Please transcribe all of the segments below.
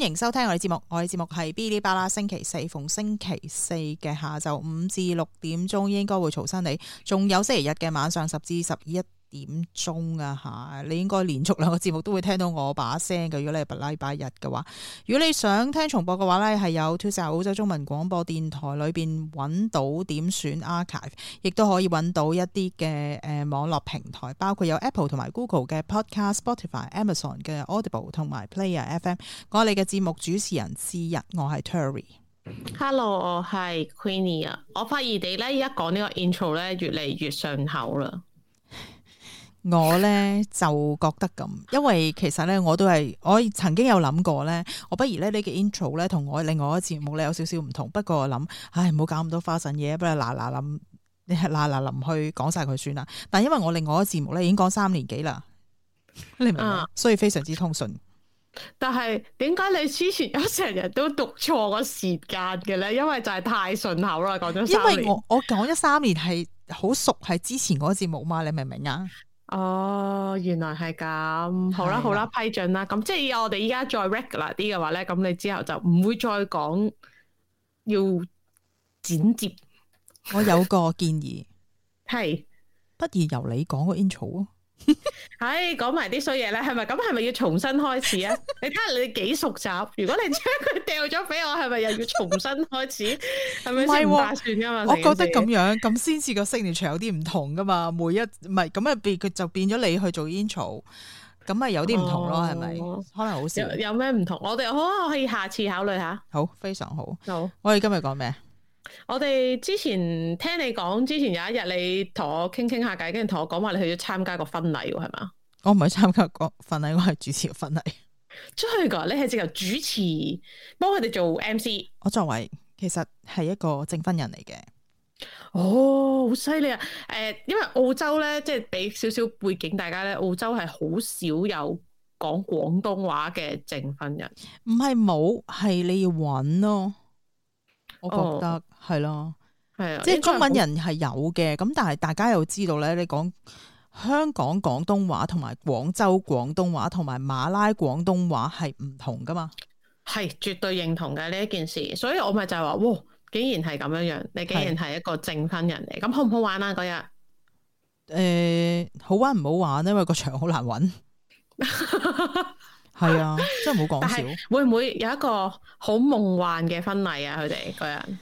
歡迎收聽我哋節目，我哋節目係嗶哩吧啦。星期四逢星期四嘅下晝五至六點鐘應該會嘈醒你，仲有星期日嘅晚上十至十一。點鐘啊吓，你應該連續兩個節目都會聽到我把聲嘅。如果你係禮拜日嘅話，如果你想聽重播嘅話咧，係有 Two Star 澳洲中文廣播電台裏邊揾到，點選 Archive，亦都可以揾到一啲嘅誒網絡平台，包括有 Apple 同埋 Google 嘅 Podcast、Spotify、Amazon 嘅 Audible 同埋 Player FM。我哋嘅節目主持人之一，是日我係 Terry。Hello，我係 Queenie 啊！我發現你咧而家講呢個 intro 咧越嚟越順口啦。我咧就覺得咁，因為其實咧我都係我曾經有諗過咧，我不如咧呢，這個 intro 咧同我另外一個節目咧有少少唔同。不過我諗，唉，唔好搞咁多花臣嘢，不如嗱嗱臨，嗱嗱臨去講晒佢算啦。但係因為我另外一個節目咧已經講三年幾啦，你明唔明？啊，所以非常之通順。但係點解你之前有成日都讀錯個時間嘅咧？因為就係太順口啦，講咗因為我我講咗三年係好 熟，係之前嗰個節目嘛，你明唔明啊？哦，原來係咁，好啦好啦，批准啦，咁的即係我哋依家再 regular 啲嘅話咧，咁你之後就唔會再講要剪接。 我有個建議，係 的不如由你講個 intro 啊。唉，講埋啲衰嘢咧，係咪？咁係咪要重新開始啊？ 你睇下你幾熟習。如果你將佢掉咗俾我，係咪又要重新開始？係咪先划算噶嘛、 啊？我覺得咁樣咁先至個 signature 有啲唔同噶嘛。每一唔係咁入邊佢就變咗你去做 intro 咁啊，有啲唔同咯，係咪？可能好少。有咩唔同？我哋可以下次考慮下。好，非常好。好，我哋今日講咩？我哋之前聽你講，之前有一日你同我傾傾下偈，跟住同我講話你去咗參加個婚禮喎，係嘛？我唔係參加個婚禮，我係主持個婚禮。真係噶？你係直頭主持，幫佢哋做 MC。我作為其實係一個證婚人嚟嘅。哦，好犀利啊！誒，因為澳洲咧，即係俾少少背景，大家咧，澳洲係好少有講廣東話嘅證婚人。唔係冇，係你要揾咯。我覺得係咯，係啊、哦，的即係中文人係有嘅，咁、嗯、但係大家又知道咧，你講香港廣東話同埋廣州廣東話同埋馬拉廣東話係唔同噶嘛？係絕對認同嘅呢一件事，所以我咪就係話，哇，竟然係咁樣樣，你竟然係一個正新人嚟，咁好唔好玩啊？嗰日，誒，好玩唔好玩咧？因為個場好難搵。 係啊， 真係唔好講笑。會唔會有一個好夢幻嘅婚禮啊？佢哋個人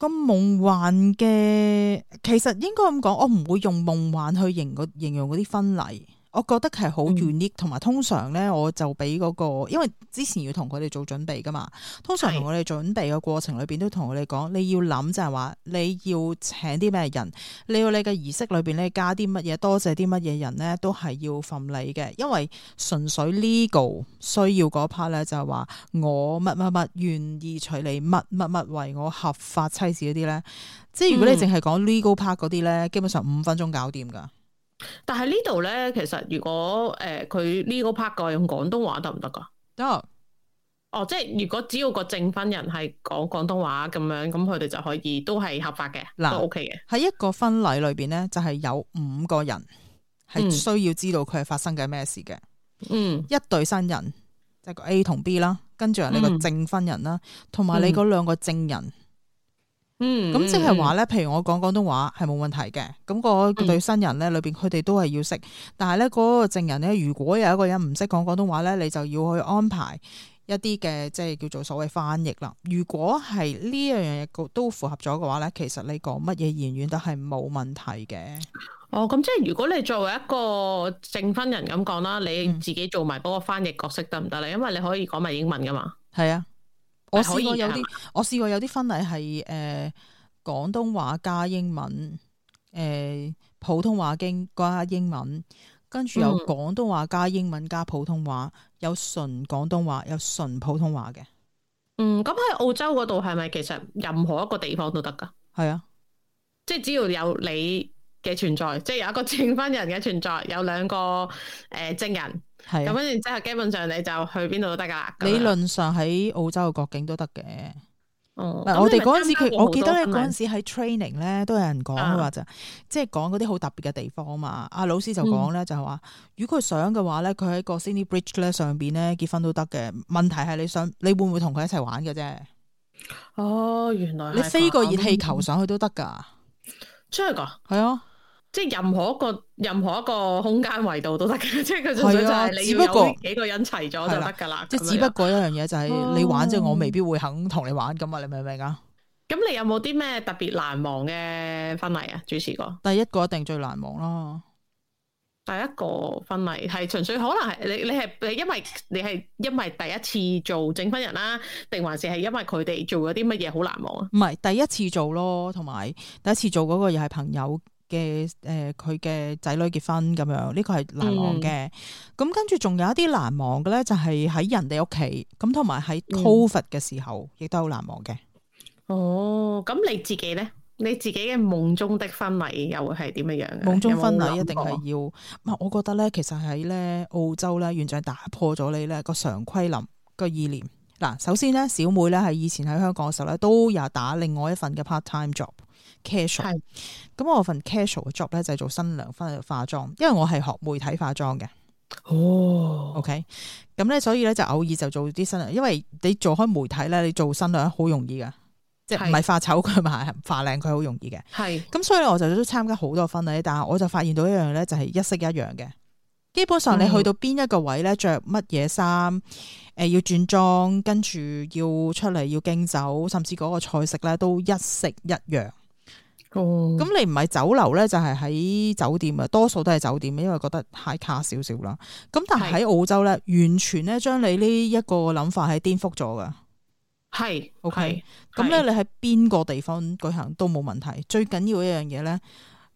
咁夢幻嘅，其實應該咁講，我唔會用夢幻去形容形容嗰啲婚禮。我覺得係好願意，同埋通常咧，我就俾嗰、那個，因為之前要同佢哋做準備噶嘛。通常同佢哋準備嘅過程裏邊，是的 都同佢哋講，你要諗就係、是、話，你要請啲咩人，你要你嘅儀式裏邊咧加啲乜嘢，多謝啲乜嘢人咧，都係要份禮嘅。因為純粹 legal 需要嗰 part 咧，就係話我乜乜乜願意娶你乜乜乜為我合法妻子嗰啲咧。即係如果你淨係講 legal part 嗰啲咧，基本上五分鐘搞掂㗎。但係呢度咧，其實如果誒佢呢個 part 個用廣東話得唔得噶？得，oh. 哦，即係如果只要個證婚人係講廣東話咁樣，咁佢哋就可以都係合法嘅，喏都 OK 嘅。喺一個婚禮裏邊咧，就係、是、有五個人係需要知道佢係發生緊咩事嘅。嗯，mm. 一對新人即係個 A 同 B 啦，跟住啊呢個證婚人啦，同埋、mm. 你嗰兩個證人。嗯，咁即係話咧，譬如我講廣東話係冇問題嘅，咁、嗯、個對新人咧裏邊佢哋都係要識，但係咧嗰個證人咧，如果有一個人唔識講廣東話咧，你就要去安排一啲嘅即係叫做所謂翻譯啦。如果係呢樣嘢都符合咗嘅話咧，其實你講乜嘢言語都係冇問題嘅。哦，咁即係如果你作為一個證婚人咁講啦，你自己做埋嗰個翻譯角色得唔得咧？嗯、因為你可以講埋英文噶嘛。係啊。我試過有啲，我試過有啲婚禮係誒廣東話加英文，誒、呃、普通話經加英文，跟住有廣東話加英文加普通話，嗯、有純廣東話，有純普通話嘅。嗯，咁喺澳洲嗰度係咪其實任何一個地方都得㗎？係啊，即係只要有你。嘅存在，即係有一個證婚人嘅存在，有兩個誒證、呃、人，係咁跟住，之後基本上你就去邊度都得噶啦。理論上喺澳洲嘅國境都得嘅。我哋嗰陣時，嗯是是嗯、我記得咧嗰陣時喺 training 咧都有、嗯、人講噶話就即係講嗰啲好特別嘅地方啊嘛。阿老師就講咧、嗯、就係話，如果佢想嘅話咧，佢喺個 Sydney Bridge 咧上邊咧結婚都得嘅。問題係你想你會唔會同佢一齊玩嘅啫。哦，原來你飛過熱氣球上去都得噶？真係噶？係啊、哦。即係任何一個任何一個空間維度都得嘅，即係佢就係你要有呢幾個人齊咗就得噶啦。即係只，只不過一樣嘢就係你玩，即係、oh, 我未必會肯同你玩咁啊！你明唔明啊？咁、嗯、你有冇啲咩特別難忘嘅婚禮啊？主持過第一個一定最難忘啦！第一個婚禮係純粹可能係你你係因為你係因為第一次做證婚人啦、啊，定還是係因為佢哋做咗啲乜嘢好難忘啊？唔係第一次做咯，同埋第一次做嗰個又係朋友。嘅誒，佢嘅仔女結婚咁樣，呢、這個係難忘嘅。咁、嗯、跟住仲有一啲難忘嘅咧，就係、是、喺人哋屋企，咁同埋喺 Covid 嘅時候，亦都好難忘嘅。哦，咁你自己咧，你自己嘅夢中的婚禮又會係點樣樣？夢中婚禮一定係要，唔我覺得咧，其實喺咧澳洲咧，院長打破咗你咧個常規諗個意念。嗱，首先咧，小妹咧係以前喺香港嘅時候咧，都有打另外一份嘅 part time job。casual，咁是我份 casual 嘅 job 咧就係做新娘，婚禮化妝。因為我係學媒體化妝嘅哦。OK，咁咧，所以咧就偶爾就做啲新娘。因為你做開媒體咧，你做新娘好容易噶，即係唔係化醜佢，嘛，是化靚佢，好容易嘅係。咁是所以我就都參加好多婚禮，但係我就發現到一樣咧，就係一式一樣嘅。基本上你去到邊一個位咧，着乜嘢衫，誒、呃、要轉妝，跟住要出嚟要敬酒，甚至嗰個菜式咧都一式一樣。哦，咁、嗯、你唔係酒樓咧，就係、是、喺酒店啊，多數都係酒店，因為覺得太卡少少啦。咁但係喺澳洲咧，是完全咧將你呢一個諗法係顛覆咗噶。係是，OK。咁咧，你喺邊個地方舉行都冇問題。最緊要一樣嘢咧，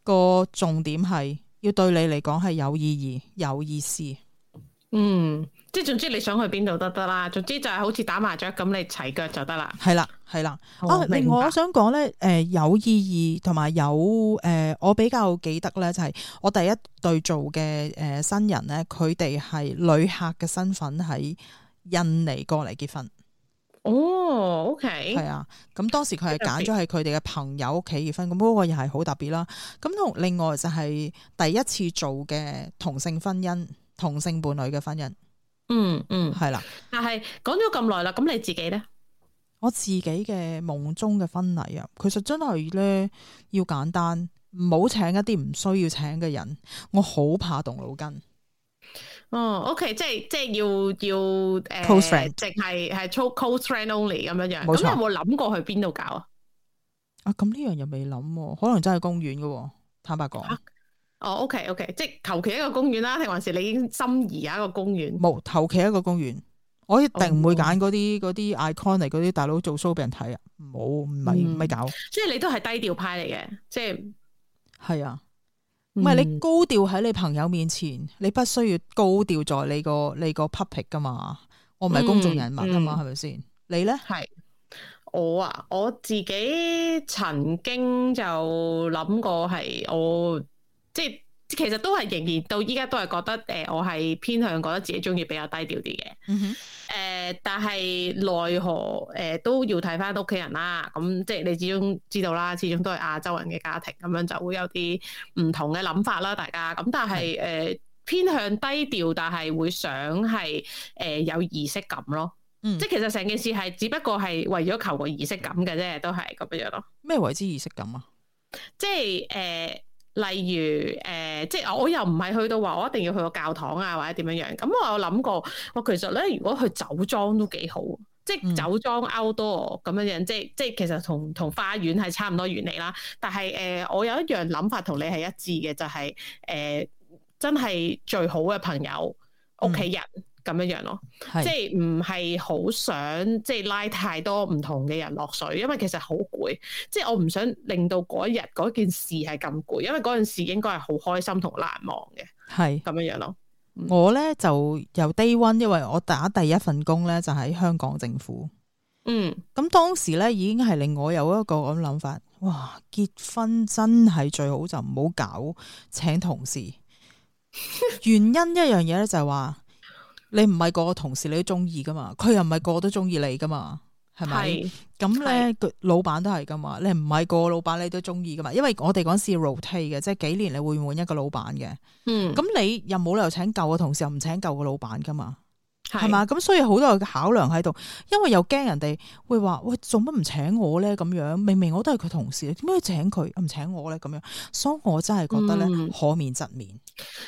個重點係要對你嚟講係有意義、有意思。嗯。即係總之你想去邊度都得啦。總之就係好似打麻雀咁，你齊腳就得啦。係啦，係啦。哦，啊、另外我想講咧，誒、呃，有意義同埋有誒、呃，我比較記得咧，就係、是、我第一對做嘅誒、呃、新人咧，佢哋係旅客嘅身份喺印尼過嚟結婚。哦、oh,，OK。係啊，咁當時佢係揀咗喺佢哋嘅朋友屋企結婚，咁、那、嗰個又係好特別啦。咁同另外就係第一次做嘅同性婚姻，同性伴侶嘅婚姻。嗯嗯，係啦的，但係講咗咁耐啦，咁你自己咧？我自己嘅夢中嘅婚禮啊，其實真係咧要簡單，唔好請一啲唔需要請嘅人，我好怕動腦筋。哦，OK，即係即係要要誒，淨係係 close friend only 咁樣樣，咁錯有冇諗過去邊度搞啊？啊，咁呢樣又未諗，可能真係公園噶，坦白講。啊哦、oh,，OK，OK，、okay, okay. 即係求其一個公園啦，定還是你已經心儀啊一個公園？冇，求其一個公園，我一定唔會揀嗰啲嗰啲 iconic，嗰啲大佬做 show 俾人睇、嗯、啊！冇、嗯，唔係唔係搞，即係你都係低調派嚟嘅，即係係啊，唔係你高調喺你朋友面前，你不需要高調在你個你個 public 噶嘛？我唔係公眾人物噶嘛，係咪先？你咧係我啊，我自己曾經就諗過係我。即係其實都係仍然到依家都係覺得誒、呃，我係偏向覺得自己中意比較低調啲嘅。誒、嗯哼呃，但係奈何誒、呃、都要睇返屋企人啦。咁、嗯、即係你始終知道啦，始終都係亞洲人嘅家庭，咁樣就會有啲唔同嘅諗法啦。大家咁但係誒、嗯呃、偏向低調，但係會想係誒、呃、有儀式感咯。嗯、即係其實成件事係只不過係為咗求個儀式感嘅啫，都係咁樣咯。咩為之儀式感啊？即係誒。呃例如誒、呃，即係我又唔係去到話我一定要去個教堂啊，或者點樣樣咁。我有諗過，我其實咧，如果去酒莊都幾好，即係酒莊 outdoor 咁樣樣，即係即係其實同同花園係差唔多原理啦。但係誒、呃，我有一樣諗法同你係一致嘅，就係、是、誒、呃，真係最好嘅朋友屋企人。嗯咁樣樣咯是，即係唔係好想即係拉太多唔同嘅人落水，因為其實好攰，即係我唔想令到嗰日嗰件事係咁攰，因為嗰件事應該係好開心同難忘嘅。係咁是樣樣咯。我呢就由 day one，因為我打第一份工呢就喺、是、香港政府。嗯，咁當時呢已經係令我有一個咁諗法，哇！結婚真係最好就唔好搞請同事。 原因一樣嘢咧就係話。你唔係個個同事你都中意噶嘛？佢又唔係個個都中意你噶嘛？係咪？咁咧是，佢老闆都係噶嘛？你唔係個個老闆你都中意噶嘛？因為我哋嗰時 rotate 嘅，即係幾年你會換一個老闆嘅。咁、嗯、你又冇理由請舊嘅同事，又唔請舊嘅老闆噶嘛？係嘛咁，所以好多嘅考量喺度，因為又驚人哋會話喂，做乜唔請我咧？咁樣明明我都係佢同事，點解要請佢唔請我咧？咁樣，所以我真係覺得咧可免則免。嗯，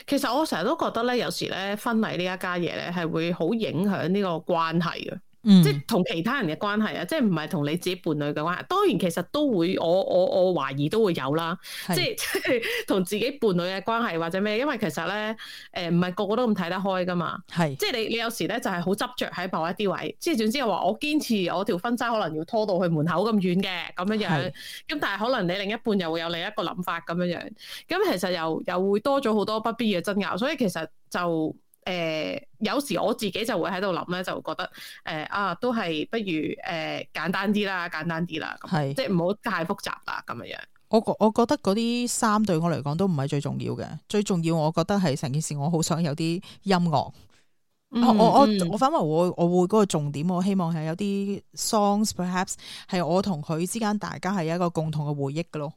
其實我成日都覺得咧，有時咧婚禮呢一家嘢咧，係會好影響呢個關係嘅。嗯、即係同其他人嘅關係啊，即係唔係同你自己伴侶嘅關係。當然其實都會，我我我懷疑都會有啦。是即係同自己伴侶嘅關係或者咩？因為其實咧，誒唔係個個都咁睇得開噶嘛。係是即係你你有時咧就係、是、好執着喺某一啲位。即係總之我話我堅持我條婚紗可能要拖到去門口咁遠嘅咁樣樣。咁是但係可能你另一半又會有另一個諗法咁樣樣。咁其實又又會多咗好多不必要嘅爭拗，所以其實就。誒、呃，有時我自己就會喺度諗咧，就覺得誒、呃、啊，都係不如誒、呃、簡單啲啦，簡單啲啦，咁是即係唔好太複雜啦，咁樣。我我我覺得嗰啲衫對我嚟講都唔係最重要嘅，最重要我覺得係成件事，我好想有啲音樂、嗯。我我我我反為我我會嗰個重點，我希望係有啲 songs perhaps 係我同佢之間大家係一個共同嘅回憶嘅咯。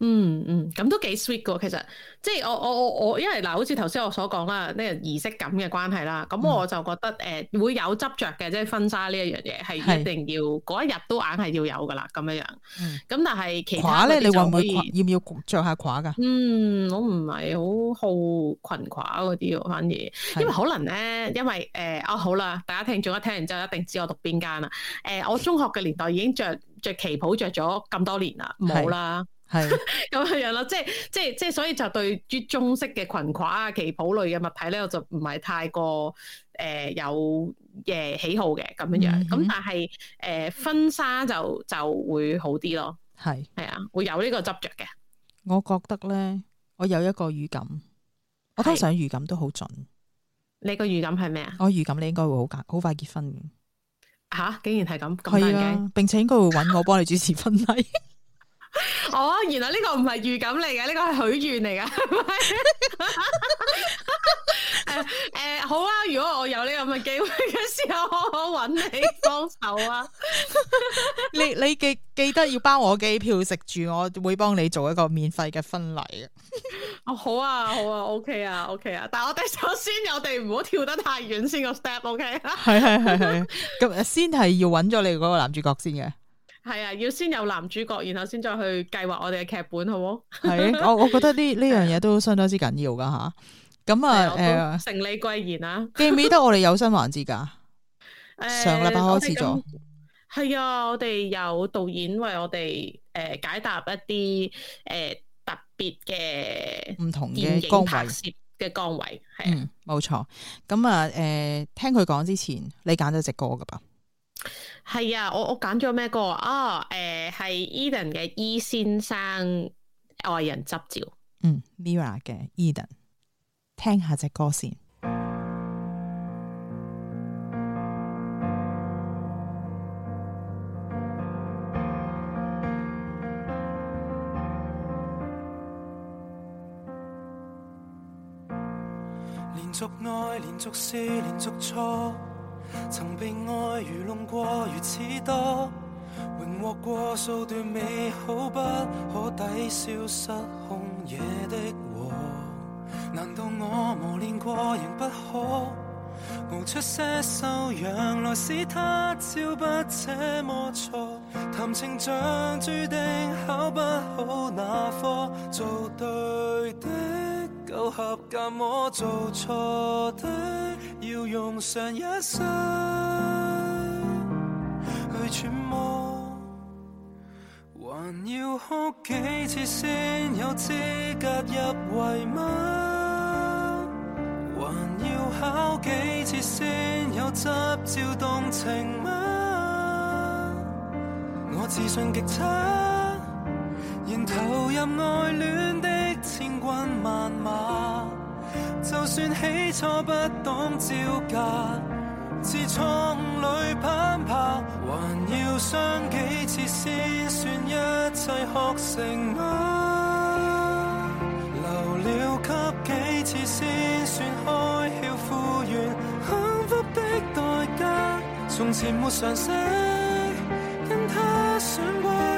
嗯嗯，咁、嗯、都幾 sweet 噶，其實即係我我我我，因為嗱，好似頭先我所講啦，呢、這個儀式感嘅關係啦，咁我就覺得誒、嗯呃、會有執着嘅，即係婚紗呢一樣嘢係一定要嗰的一日都硬係要有噶啦，咁樣樣。咁但係其他咧、嗯，你會唔會、呃、要唔要着下褂噶？嗯，我唔係好好裙褂嗰啲，反而的因為可能咧，因為誒，哦、呃啊、好啦，大家聽住一聽，完之後一定知我讀邊間啦。誒、呃，我中學嘅年代已經着着旗袍着咗咁多年啦，冇啦。係咁是 樣樣啦，即係即係即係，所以就對於中式嘅裙褂啊、旗袍類嘅物體咧，我就唔係太過誒、呃、有誒喜好嘅咁樣樣。咁、嗯、哼但係誒、呃、婚紗就就會好啲咯。係係是啊，會有呢個執着嘅。我覺得咧，我有一個預感，我通常預感都好準。你個預感係咩啊？我預感你應該會好快好快結婚。吓、啊，竟然係咁咁樣嘅、啊，並且應該會搵我幫你主持婚禮。 哦，原來呢個唔係預感嚟嘅，呢、呢個係許願嚟嘅。誒誒、 呃呃，好啊，如果我有呢個咁嘅機會嘅時候，我我揾你幫手啊。 你你記記得要包我機票食住，我會幫你做一個免費嘅婚禮嘅。 哦，好啊，好啊，OK 啊，OK 啊。但係我哋首先，我哋唔好跳得太遠，OK？ 先個 step，OK？係係係係，咁先係要揾咗你嗰個男主角先嘅。係啊，要先有男主角，然後先再去計劃我哋嘅劇本，好？好？ 係我我覺得呢呢樣嘢都相當之緊要噶吓。咁啊，誒，成李貴然啊，啊 記唔記得我哋有新環節噶？誒、呃，上禮拜開始咗，係啊，我哋有導演為我哋誒、呃、解答一啲誒、呃呃、特別嘅唔同嘅拍攝嘅崗位，係冇、啊嗯、錯。咁啊，誒、呃，聽佢講之前，你揀咗隻歌噶吧？係 啊，我我揀咗咩歌啊？誒、哦，係 Edan 嘅《伊、e e、先生愛人執照》嗯。嗯，Mirror 嘅 Edan，聽下隻歌先。連續愛，連續失，連續錯。 曾被愛愚弄過如此多，榮獲過數段美好，不可抵消失控惹的禍。難道我磨練過仍不可，熬出些修養來使他照不這麼錯？談情像注定考不好那科，做對的夠合。教我做錯的，要用上一生去揣摩，還要哭幾次先有資格入圍嗎？還要考幾次先有執照動情嗎？我自信極差，仍投入愛戀的千軍萬馬。就算起初不懂招架，自創里攀爬，還要傷幾次先算一切學成嗎？啊？留了給幾次先算開竅復原幸福的代價，從前沒嘗試，跟他想過。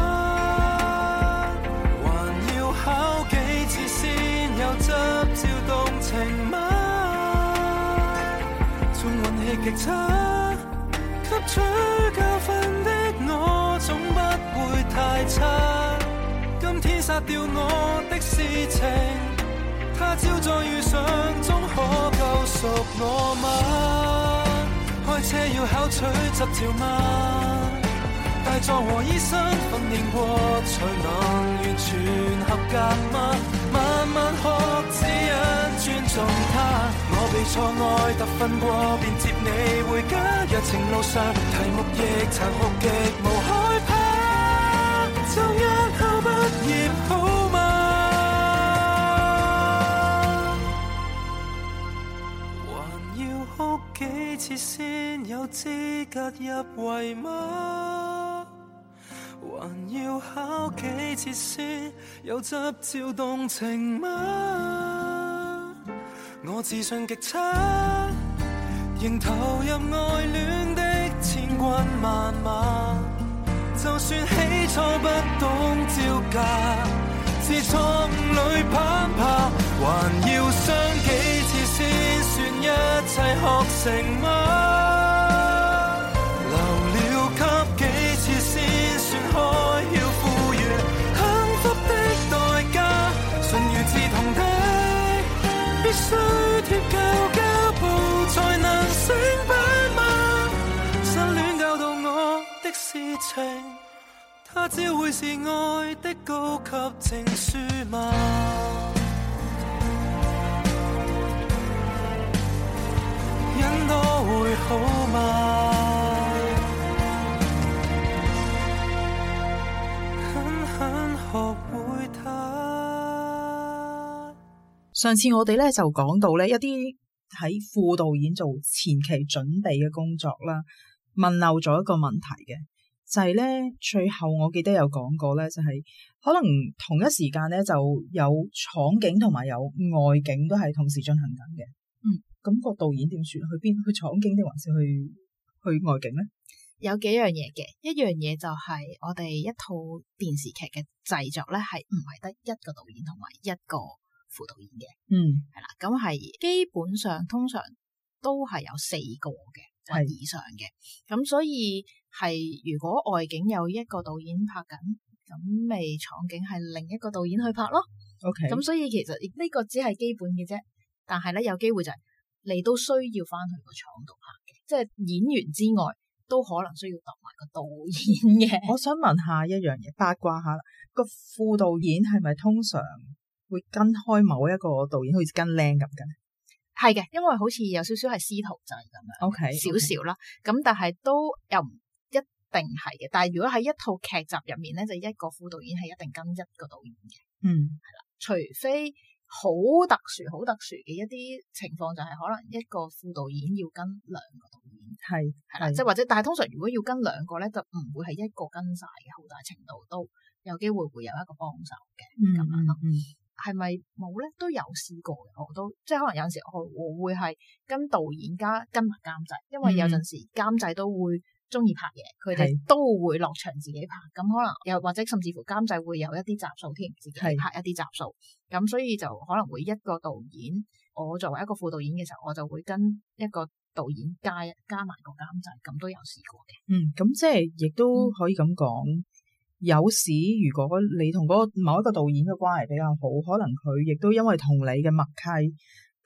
情嗎？縱運氣極差，吸取教訓的我總不會太差。今天殺掉我的事情，他朝再遇上，總可救贖我嗎？開車要考取執照嗎？大狀和醫生訓練過，才能完全合格嗎？慢慢學知。送他，我被錯愛特訓過，便接你回家。若情路上題目亦殘酷，極無害怕。就一考畢業好嗎？還要哭幾次先有資格入圍嗎？還要考幾次先有執照動情嗎？我自信極差，仍投入愛戀的千軍萬馬。就算起初不懂招架，自錯誤裡攀爬，還要傷幾次先算一切學成嗎？他只會是愛的高級證書嗎？人都會好嗎？狠狠學會。他上次我哋咧就講到呢一啲喺副導演做前期準備嘅工作啦，問漏咗一個問題嘅。就係咧，最後我記得有講過咧，就係、係、可能同一時間咧就有廠景同埋有外景都係同時進行緊嘅。嗯，咁個導演點算去邊？去廠景定還是去去外景咧？有幾樣嘢嘅，一樣嘢就係我哋一套電視劇嘅製作咧，係唔係得一個導演同埋一個副導演嘅？嗯，係啦，咁係基本上通常都係有四個嘅或、就係、以上嘅，咁係所以。係如果外景有一個導演拍緊，咁咪場景係另一個導演去拍咯。O K，咁所以其實呢個只係基本嘅啫。但係咧有機會就係、是、你都需要翻去個廠度拍嘅，即係演員之外都可能需要當埋個導演嘅。我想問一下一樣嘢，八卦下啦，個副導演係咪通常會跟開某一個導演，好似跟靚咁嘅？係嘅，因為好似有少少係師徒制咁樣，okay. Okay. 少少啦。咁但係都又唔。定係嘅，但係如果喺一套劇集入面咧，就一個副導演係一定跟一個導演嘅，嗯，係啦，除非好特殊、好特殊嘅一啲情況，就係、是、可能一個副導演要跟兩個導演，係是，係啦的，即係或者，但係通常如果要跟兩個咧，就唔會係一個跟晒嘅，好大程度都有機會會有一個幫手嘅咁、嗯、樣咯，係咪冇咧？都有試過嘅，我都即係可能有陣時我我會係跟導演加跟埋監製，因為有陣時監製都會。中意拍嘢，佢哋是都會落場自己拍。咁可能又或者甚至乎監製會有一啲集數添，自己拍一啲集數。咁是所以就可能會一個導演，我作為一個副導演嘅時候，我就會跟一個導演加加埋個監製，咁都有試過嘅。嗯，咁即係亦都可以咁講。嗯、有時如果你同嗰某一個導演嘅關係比較好，可能佢亦都因為同你嘅默契，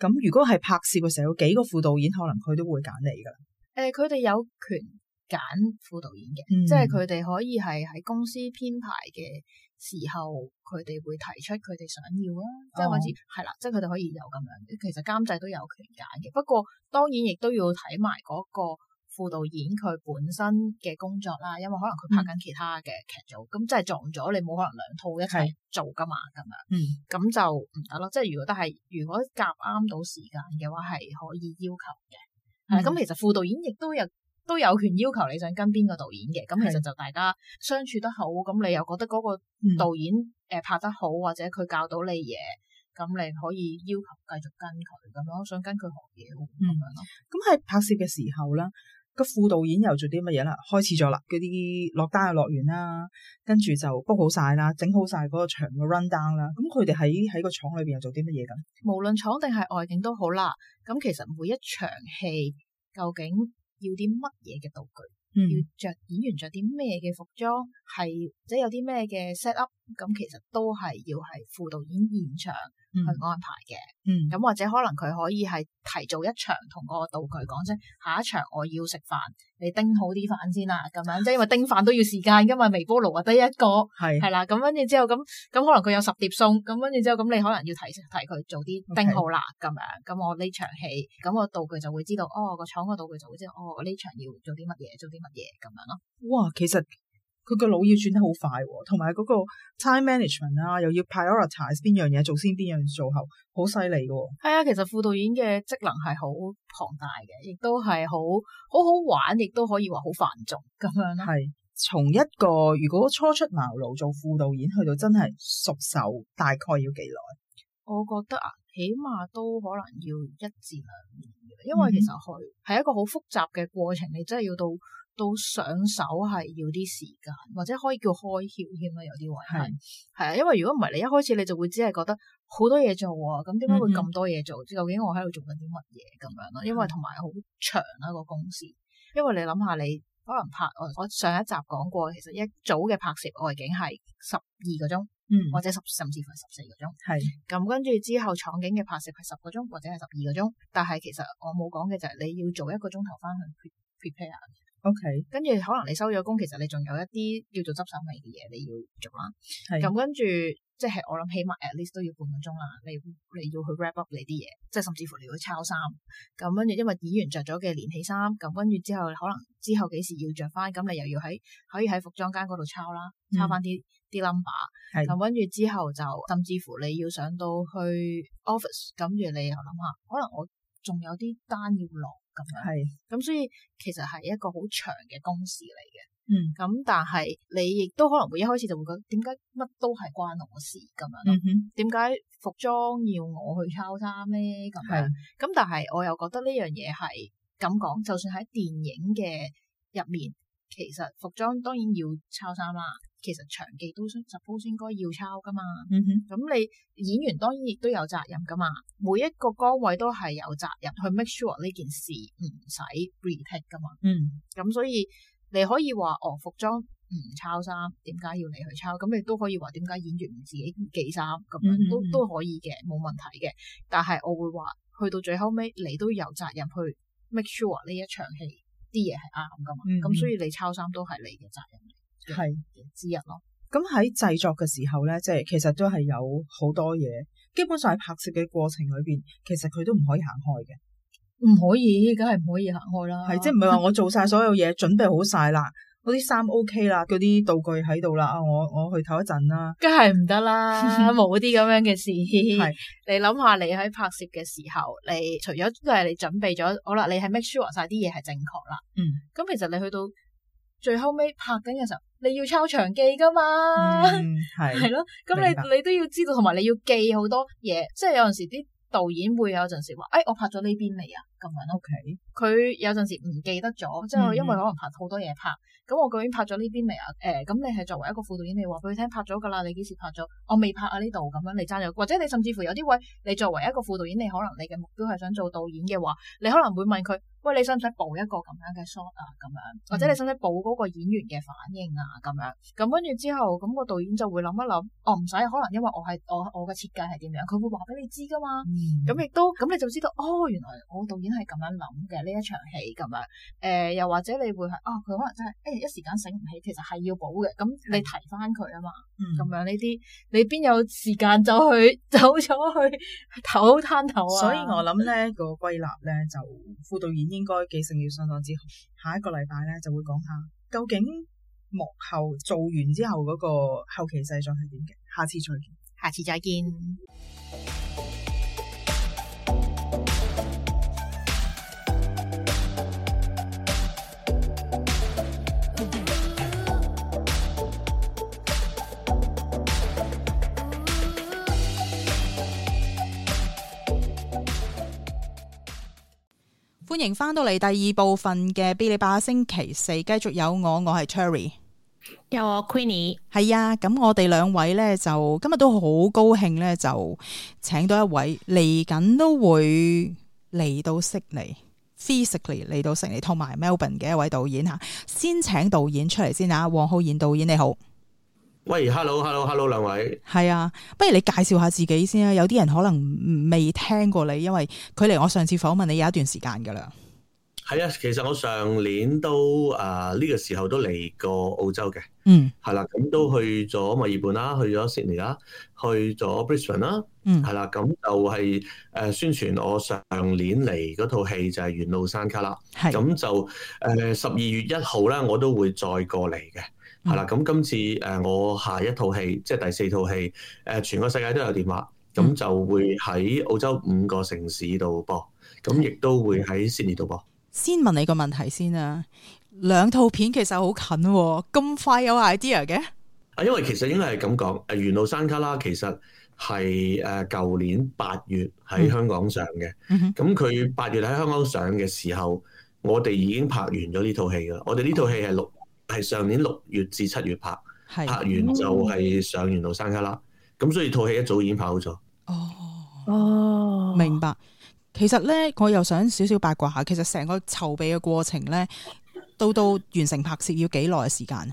咁如果係拍攝嘅時候有幾個副導演，可能佢都會揀你㗎喇。誒、呃，佢哋有權。揀副導演嘅，嗯、即係佢哋可以係喺公司編排嘅時候，佢哋會提出佢哋想要啦，哦、即係好似係啦，即係佢哋可以有咁樣嘅。其實監製都有權揀嘅，不過當然亦都要睇埋嗰個副導演佢本身嘅工作啦，因為可能佢拍緊其他嘅劇組，咁、嗯、即係撞咗，你冇可能兩套一齊做噶嘛，咁樣，咁、嗯、就唔得咯。即係如果都係如果夾啱到時間嘅話，係可以要求嘅。咁其實副導演亦都有。都有權要求你想跟邊個導演嘅。咁，其實就大家相處得好，咁你又覺得嗰個導演誒拍得好，嗯、或者佢教到你嘢，咁你可以要求繼續跟佢，咁我想跟佢學嘢咁、嗯、樣咯。咁喺、嗯、拍攝嘅時候啦，個副導演又做啲乜嘢啦？開始咗啦，嗰啲落單嘅落完啦，跟住就 book 好晒啦，整好晒嗰個場嘅 run down 啦。咁佢哋喺喺個廠裏邊又做啲乜嘢咁？無論廠定係外景都好啦，咁其實每一場戲究竟？要啲乜嘢嘅道具？要着演員着啲咩嘅服裝？係或者有啲咩嘅 set up？咁其實都係要係副導演現場。嗯、去安排嘅，咁、嗯、或者可能佢可以係提早一場同個道具講聲，即下一場我要食飯，你叮好啲飯先啦，咁樣，即係因為叮飯都要時間，因為微波爐啊得一個，係是啦，咁跟住之後咁，咁可能佢有十碟餸，咁跟住之後咁，你可能要提提佢做啲叮好啦，咁 okay, 樣，咁我呢場戲，咁個道具就會知道，哦，個廠個道具就會知道，哦，我呢場要做啲乜嘢，做啲乜嘢，咁樣咯。哇，其實～佢個腦要轉得好快喎，同埋嗰個 time management 啊，又要 prioritize 邊樣嘢做先，邊樣做後，好犀利嘅。係啊，其實副導演嘅職能係好龐大嘅，亦都係好好好玩，亦都可以話好繁重咁樣。係從一個如果初出茅廬做副導演去到真係熟手，大概要幾耐？我覺得啊，起碼都可能要一至兩年，因為其實佢係一個好複雜嘅過程，你真係要到。到上手係要啲時間，或者可以叫開竅添啦。有啲位係係啊，因為如果唔係你一開始你就會只係覺得好多嘢做啊，咁點解會咁多嘢做？嗯嗯究竟我喺度做緊啲乜嘢咁樣咯？因為同埋好長啦個公司，因為你諗下，你可能拍我上一集講過，其實一組嘅拍攝外景係、嗯、十二個鐘是，或者十甚至乎十四個鐘係咁。跟住之後，廠景嘅拍攝係十個鐘或者係十二個鐘，但係其實我冇講嘅就係你要做一個鐘頭翻去 prepare。OK，跟住可能你收咗工，其實你仲有一啲叫做執手尾嘅嘢你要做啦。咁是跟住即係我諗，起碼 at least 都要半個鐘啦。你要你要去 wrap up 你啲嘢，即係甚至乎你要去抄衫。咁跟住因為演員着咗嘅連戲衫，咁跟住之後可能之後幾時要着翻，咁你又要喺可以喺服裝間嗰度抄啦，抄翻啲啲 number 是。咁跟住之後就甚至乎你要上到去 office，咁住你又諗下，可能我仲有啲單要落。係，咁是所以其實係一個好長嘅公事嚟嘅。嗯，咁但係你亦都可能會一開始就會覺得，點解乜都係關我事咁樣？嗯哼，點解服裝要我去抄衫咧？咁樣是，咁但係我又覺得呢樣嘢係咁講，就算喺電影嘅入面，其實服裝當然要抄衫啦。其實長期都 should 應該要抄噶嘛。咁、mm hmm. 你演員當然亦都有責任噶嘛，每一個崗位都係有責任去 make sure 呢件事唔使 retake 噶嘛。嗯、mm，咁、hmm. 所以你可以話哦，服裝唔抄衫，點解要你去抄？咁你可、mm hmm. 都，都可以話點解演員唔自己記衫咁樣都都可以嘅，冇問題嘅。但係我會話，去到最後尾，你都有責任去 make sure 呢一場戲啲嘢係啱噶嘛。咁、mm hmm. 所以你抄衫都係你嘅責任。係之一咯。咁喺製作嘅時候咧，即係其實都係有好多嘢。基本上喺拍攝嘅過程裏邊，其實佢都唔可以行開嘅。唔可以，梗係唔可以行開啦。係，即係唔係話我做晒所有嘢， 準備好晒啦，嗰啲衫 OK 啦，嗰啲道具喺度啦。啊，我我去唞一陣啦，梗係唔得啦，冇啲咁樣嘅事。係 是，你諗下，你喺拍攝嘅時候，你除咗都係你準備咗，好啦，你係 make sure 晒啲嘢係正確啦。嗯。咁其實你去到最後尾拍緊嘅時候，你要抄場記噶嘛，嗯，係咯，咁 你明白 你都要知道，同埋你要記好多嘢，即係有陣時啲導演會有陣時話，誒、哎，我拍咗呢邊未啊？咁搵屋企，佢 Okay? 有陣時唔記得咗，即係因為可能拍好多嘢拍，咁、嗯、我究竟拍咗呢邊未啊？誒、欸，咁你係作為一個副導演，你話俾佢聽拍咗噶啦，你幾時拍咗？我未拍啊呢度，咁樣你爭咗，或者你甚至乎有啲位，你作為一個副導演，你可能你嘅目標係想做導演嘅話，你可能會問佢，喂，你想唔使補一個咁樣嘅 shot 啊？咁樣，或者你想唔使補嗰個演員嘅反應啊？咁樣，咁跟住之後，咁、那個導演就會諗一諗，哦，唔使，可能因為我係我我嘅設計係點樣，佢會話俾你知噶嘛，咁亦、嗯、都，咁你就知道，哦，原來我導演。已經係咁樣諗嘅呢一場戲咁樣，誒、呃，又或者你會係啊，佢、哦、可能真係一、欸、一時間醒唔起，其實係要補嘅，咁你提翻佢啊嘛，咁的、嗯、樣呢啲，你邊有時間走去走咗去唞攤頭啊？所以我諗咧、那個歸納咧就，副導演應該幾重要，相當之好。下一個禮拜咧就會講下究竟幕後做完之後嗰個後期製作係點嘅，下次再見，下次再見。歡迎翻到嚟第二部分嘅《Bilibala》，星期四繼續有我，我係 Cherry，有我 Queenie，係啊，咁我哋兩位咧就今日都好高興咧，就請到一位嚟緊都會嚟到悉尼，physically 嚟到悉尼同埋 Melbourne 嘅一位導演吓，先請導演出嚟先啊，黃浩然導演你好。喂，Hello，Hello，Hello，兩 Hello, Hello, 位係啊，不如你介紹下自己先啊。有啲人可能未聽過你，因為距離我上次訪問你有一段時間噶啦。係啊，其實我上年都誒呢、呃這個時候都嚟過澳洲嘅。嗯，係啦、啊，咁都去咗墨爾本啦，去咗悉尼啦，去咗 Brisbane 啦。嗯，係、啊、啦，咁、啊、就係誒宣傳我上年嚟嗰套戲就係《緣路山旮旯》啦。係咁就誒十二月一號咧，我都會再過嚟嘅。係啦，咁、嗯嗯、今次誒、呃、我下一套戲，即係第四套戲，誒、呃、全個世界都有電話，咁就會喺澳洲五個城市度播，咁亦都會喺悉尼度播。先問你個問題先啊，兩套片其實好近，啊，咁快有 idea 嘅？啊，因為其實應該係咁講，誒《緣路山旮旯》其實係誒舊年八月喺香港上嘅，咁佢八月喺香港上嘅時候，我哋已經拍完咗呢套戲㗎，我哋呢套戲係六。嗯係上年六月至七月拍，的拍完就係上元老生卡啦。咁所以套戲一早已經拍好咗。哦哦，哦明白。其實咧，我又想少少八卦下，其實成個籌備嘅過程咧，到到完成拍攝要幾耐嘅時間啊？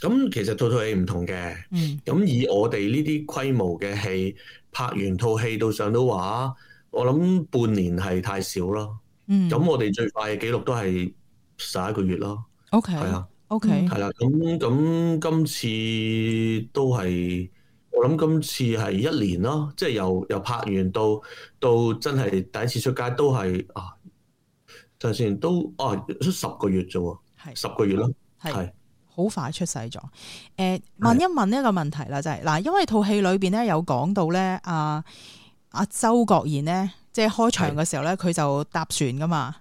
咁其實套套戲唔同嘅。嗯。咁以我哋呢啲規模嘅戲，拍完套戲到上到畫，我諗半年係太少咯。嗯。咁我哋最快嘅紀錄都係十一個月咯。O K，係啊，O K，係啦，咁咁 Okay ,、okay. 今次都係，我諗今次係一年咯，即係又又拍完到到真係第一次出街都係啊，算下先，都、啊、十個月啫喎，係十是個月啦，係好是是快出世咗。誒、呃，問一問一個問題啦，是就係、是、嗱，因為套戲裏邊咧有講到咧，阿、啊、阿、啊、周國賢咧，即、就、係、是、開場嘅時候咧，佢是就搭船㗎嘛。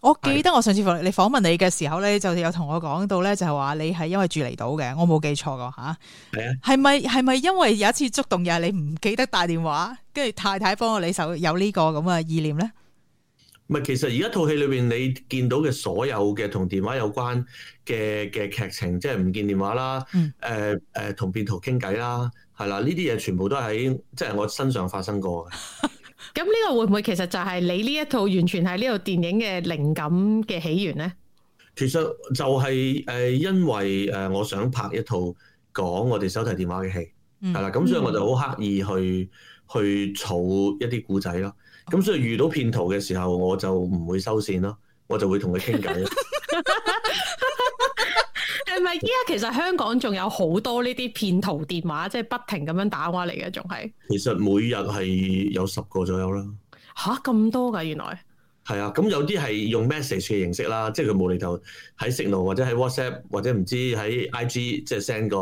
我記得我上次訪你訪問你嘅時候咧，的就有同我講到咧，就係話你係因為住離島嘅，我冇記錯嘅吓。係啊，係咪係咪因為有一次觸動又係你唔記得帶電話，跟住太太幫我理手有呢個咁嘅意念咧？唔係，其實而家套戲裏邊你見到嘅所有嘅同電話有關嘅嘅劇情，即係唔見電話啦，誒誒、嗯，同變圖傾偈啦，係、呃、啦，呢啲嘢全部都喺即係我身上發生過嘅。 咁呢個會唔會其實就係你呢一套完全係呢套電影嘅靈感嘅起源呢？其實就係誒，因為誒，我想拍一套講我哋手提電話嘅戲，係啦，嗯，咁所以我就好刻意去去儲一啲古仔咯。咁所以遇到騙徒嘅時候，我就唔會收線咯，我就會同佢傾偈。 咪依家其實香港仲有好多呢啲騙徒電話，即係不停咁樣打話嚟嘅，仲係。其實每日係有十個左右啦。吓、啊，咁多㗎原來？係啊，咁有啲係用 message 嘅形式啦，即係佢無厘頭喺 Signal 或者喺 WhatsApp 或者唔知喺 IG 即係 send 個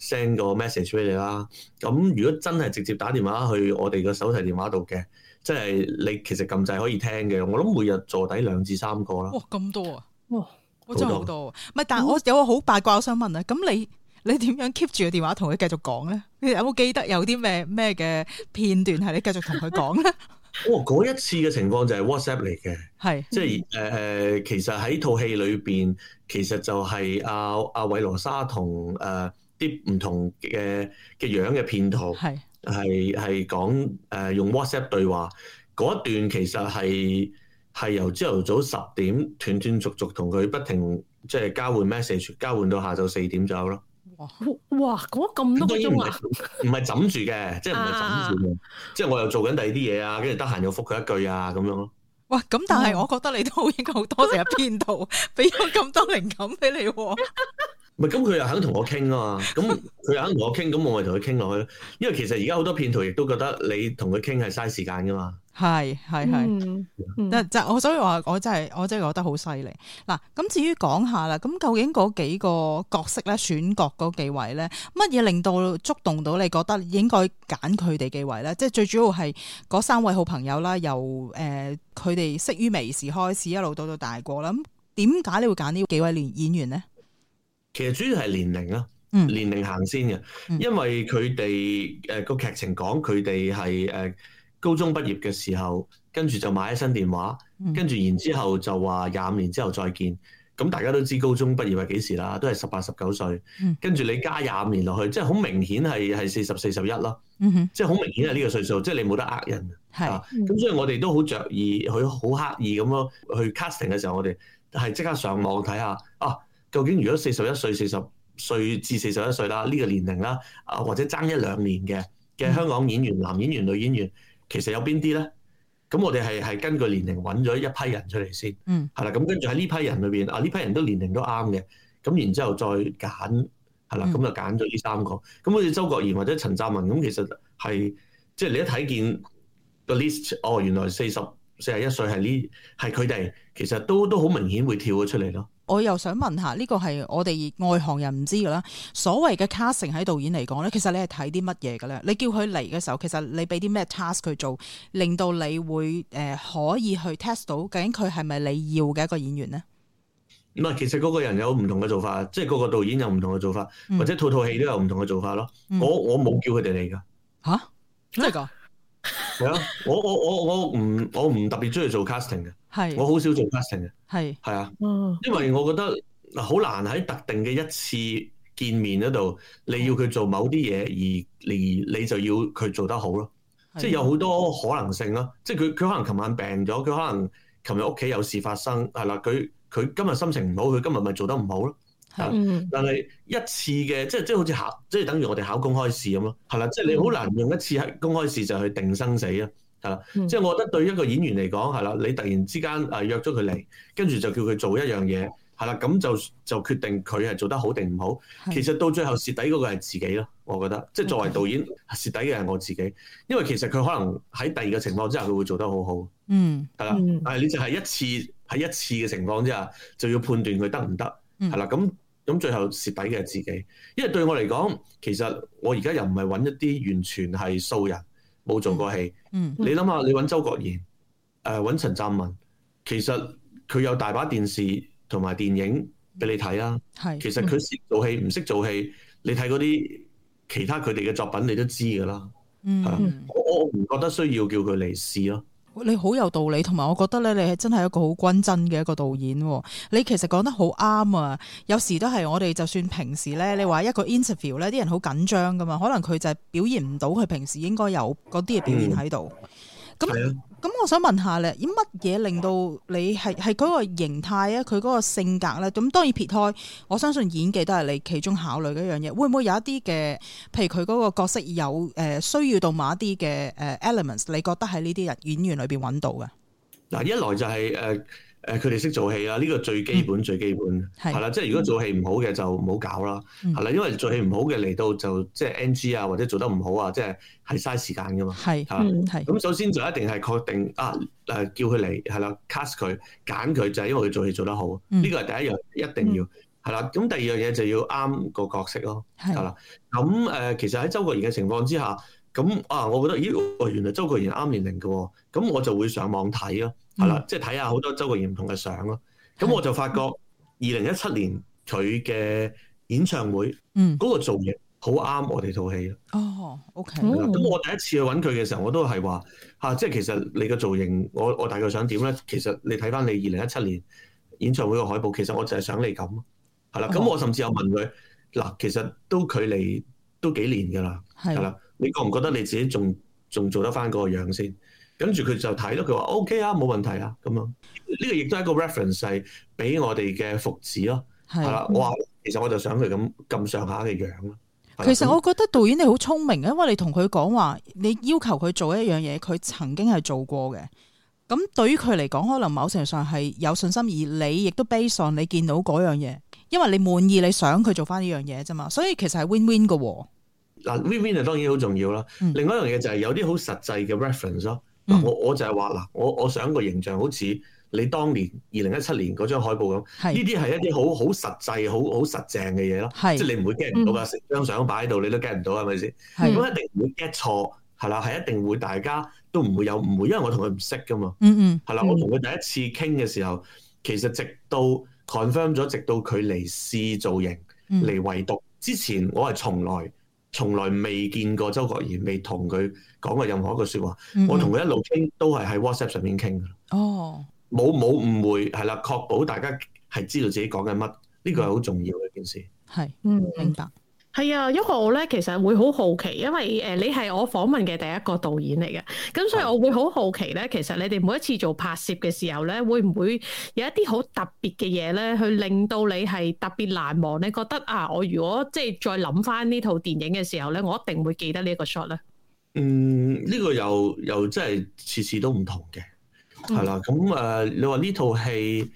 send 個 message 俾你啦。咁如果真係直接打電話去我哋個手提電話度嘅，即係你其實撳掣可以聽嘅。我諗每日坐底兩至三個啦。哇，咁多啊！呃好咗好多，唔係，但我有個好八卦，我想問啊，咁你你點樣 keep 住個電話同佢繼續講咧？你有冇記得有啲咩咩嘅片段係你繼續同佢講咧？哇、 哦！嗰一次嘅情況就係 WhatsApp 嚟嘅，係是即係誒誒，其實喺套戲裏邊，其實就係阿阿韋羅莎、啊、同誒啲唔同嘅嘅樣嘅片段，係係係講誒用 WhatsApp 對話嗰一段，其實係。係由朝頭早十點斷斷續續同佢不停即係、就是、交換 message，交換到下晝四點左右咯。哇哇，嗰咁多鐘啊！唔係枕住嘅， 即係唔係枕住嘅，啊、即係我又做緊第二啲嘢啊，跟住得閒又復佢一句啊，咁樣咯。哇！咁但係我覺得你都好應該好多哇謝阿編導，俾咗咁多靈感俾你。 唔係咁，佢又肯同我傾啊嘛！咁佢又肯同我傾，咁 我咪同佢傾落去咯。因為其實而家好多騙徒亦都覺得你同佢傾係嘥時間噶嘛。係係係，但就我所以話，我真係我真係覺得好犀利。嗱，咁至於講下啦，咁究竟嗰幾個角色咧，選角嗰幾位咧，乜嘢令到觸動到你覺得應該揀佢哋幾位咧？即係最主要係嗰三位好朋友啦，由誒佢哋識於微時開始，一路到到大個啦。咁點解你會揀呢幾位演演員咧？其實主要係年齡啊，年齡行先嘅。嗯、因為佢哋誒個劇情講佢哋係誒高中畢業嘅時候，跟住就買咗新電話，嗯、跟住然之後就話廿五年之後再見。咁大家都知高中畢業係幾時啦，都係十八十九歲。歲，嗯、跟住你加廿五年落去，即係好明顯係係四十四十一咯。嗯哼，即係好明顯係呢個歲數，即係你冇得呃人。係，咁所以我哋都好着意，佢好刻意咁樣去 casting 嘅時候，我哋係即刻上網睇下啊。啊究竟如果四十一歲、四十歲至四十一歲啦，呢個年齡啦，啊或者爭一兩年嘅嘅香港演員，男演員、女演員，其實有邊啲咧？咁我哋係係根據年齡揾咗一批人出嚟先，嗯，係啦。咁跟住喺呢批人裏邊，啊呢批人都年齡都啱嘅，咁然之後再揀，係啦，咁就揀咗呢三個。咁好似周國賢或者陳湛文咁，其實係即係你一睇見個 list，哦，原來四十四十一歲係呢，係佢哋，其實都都好明顯會跳咗出嚟咯。我又想問下，呢個係我哋外行人唔知噶啦。所謂嘅 casting 喺導演嚟講咧，其實你係睇啲乜嘢嘅咧？你叫佢嚟嘅時候，其實你俾啲咩 task 佢做，令到你會誒、呃、可以去 test 到究竟佢係咪你要嘅一個演員呢？唔係，其實嗰個人有唔同嘅做法，即係嗰個導演有唔同嘅做法，嗯、或者套套戲都有唔同嘅做法咯。嗯、我我冇叫佢哋嚟噶吓？真係㗎？呢個 係啊， 我我我的我唔我唔特別中意做 casting 嘅，係我好少做 casting 嘅，係係啊，的因為我覺得好難喺特定嘅一次見面嗰度，你要佢做某啲嘢，而而你，你就要佢做得好咯，的即係有好多可能性咯，即係佢佢可能琴晚病咗，佢可能琴日屋企有事發生，係啦，佢佢今日心情唔好，佢今日咪做得唔好咯。但係一次嘅，即係即係好似考，即係等於我哋考公開試咁咯，係啦，即係你好難用一次喺公開試就去定生死啊，係啦，嗯、即係我覺得對一個演員嚟講，係啦，你突然之間誒約咗佢嚟，跟住就叫佢做一樣嘢，係啦，咁就就決定佢係做得好定唔好，是其實到最後蝕底嗰個係自己咯，我覺得，即係作為導演蝕 okay. 底嘅係我自己，因為其實佢可能喺第二個情況之下佢會做得好好，嗯，嗯，係啦，但係你就係一次喺一次嘅情況之下就要判斷佢得唔得，係啦，咁、嗯。嗯咁最後蝕底嘅係自己，因為對我嚟講，其實我而家又唔係揾一啲完全係素人，冇做過戲。嗯，嗯你諗下，你揾周國賢，誒，呃，揾陳湛文，其實佢有大把電視同埋電影俾你睇啦。係，其實佢識做戲唔識做戲，你睇嗰啲其他佢哋嘅作品，你都知㗎啦。嗯，我唔覺得需要叫佢嚟試咯。你好有道理，同埋我覺得咧，你係真係一個好均真嘅一個導演。你其實講得好啱啊！有時都係我哋就算平時咧，你話一個 interview 咧，啲人好緊張㗎嘛，可能佢就係表現唔到佢平時應該有嗰啲嘅表現喺度。咁、嗯。那咁我想問下咧，乜嘢令到你係係佢個形態咧，佢嗰個性格咧？咁當然撇開，我相信演技都係你其中考慮嘅一樣嘢。會唔會有一啲嘅，譬如佢嗰個角色有誒需要到某一啲嘅誒 elements？你覺得喺呢啲人演員裏邊揾到嘅嗱，一來就係、係、誒。呃誒，佢哋識做戲啊，呢個最基本最基本係啦，即係如果做戲唔好嘅就唔好搞啦，係啦，因為做戲唔好嘅嚟到就即係 NG 啊，或者做得唔好啊，即係係嘥時間噶嘛。係，嗯，係。咁首先就一定係確定啊，誒，叫佢嚟係啦，cast 佢揀佢就係因為佢做戲做得好，呢個係第一樣一定要係啦。咁第二樣嘢就要啱個角色咯，係啦。咁誒，其實喺周國賢嘅情況之下，咁啊，我覺得咦，原來周國賢啱年齡噶，咁我就會上網睇咯。係啦，嗯、即係睇下好多周國賢唔同嘅相咯。咁的我就發覺二零一七年佢嘅演唱會，嗯，嗰個造型好啱我哋套戲哦，OK 的。咁、嗯、我第一次去揾佢嘅時候，我都係話吓，即係其實你嘅造型，我我大概想點咧？其實你睇翻你二零一七年演唱會嘅海報，其實我就係想你咁。係啦，咁、哦、我甚至有問佢嗱，其實都距離都幾年噶啦？係啦的，你覺唔覺得你自己仲仲做得翻嗰個樣先？跟住佢就睇到，佢話 OK 啊，冇問題啊，咁樣呢、呢個亦都係一個 reference 係俾我哋嘅服子咯，係啦的，我話、嗯、其實我就想佢咁咁上下嘅樣咯。其實、嗯、我覺得導演你好聰明，因為你同佢講話，你要求佢做一樣嘢，佢曾經係做過嘅，咁對於佢嚟講，可能某程度上係有信心，而你亦都 based on 你見到嗰樣嘢，因為你滿意你想佢做翻呢樣嘢啫嘛，所以其實係 win win 嘅。嗱、嗯、win win 當然好重要啦，另外一樣嘢就係有啲好實際嘅 reference 咯。嗯嗱，我我就係話嗱，我我想個形象好似你當年二零一七年嗰張海報咁，呢啲係一啲好好實際、好好實淨嘅嘢咯。係，即係你唔會 get 唔到㗎，成張相擺喺度你都 get 唔到係咪先？咁係，一定唔會 get 錯係啦，係一定會大家都唔會有誤會，因為我同佢唔識㗎嘛。嗯嗯，係、嗯、啦，我同佢第一次傾嘅時候，其實直到 confirm 咗，嗯、直到佢嚟試造型嚟圍讀之前，我係從來，從來未見過周國賢，未同佢講過任何一句說話。Mm hmm. 我同佢一路傾，都係喺 WhatsApp 上面傾嘅。哦、oh.，冇冇誤會，係啦，確保大家係知道自己講緊乜，呢個係好重要嘅一件事。係、mm，嗯、hmm.，明白。係啊，因為我咧其實會好好奇，因為誒你係我訪問嘅第一個導演嚟嘅，咁所以我會好好奇咧。其實你哋每一次做拍攝嘅時候咧，會唔會有一啲好特別嘅嘢咧，去令到你係特別難忘？你覺得啊，我如果即係再諗返呢套電影嘅時候咧，我一定會記得呢一個 shot 咧。嗯，呢個又又真係次次都唔同嘅，係啦。咁誒，你話呢套戲，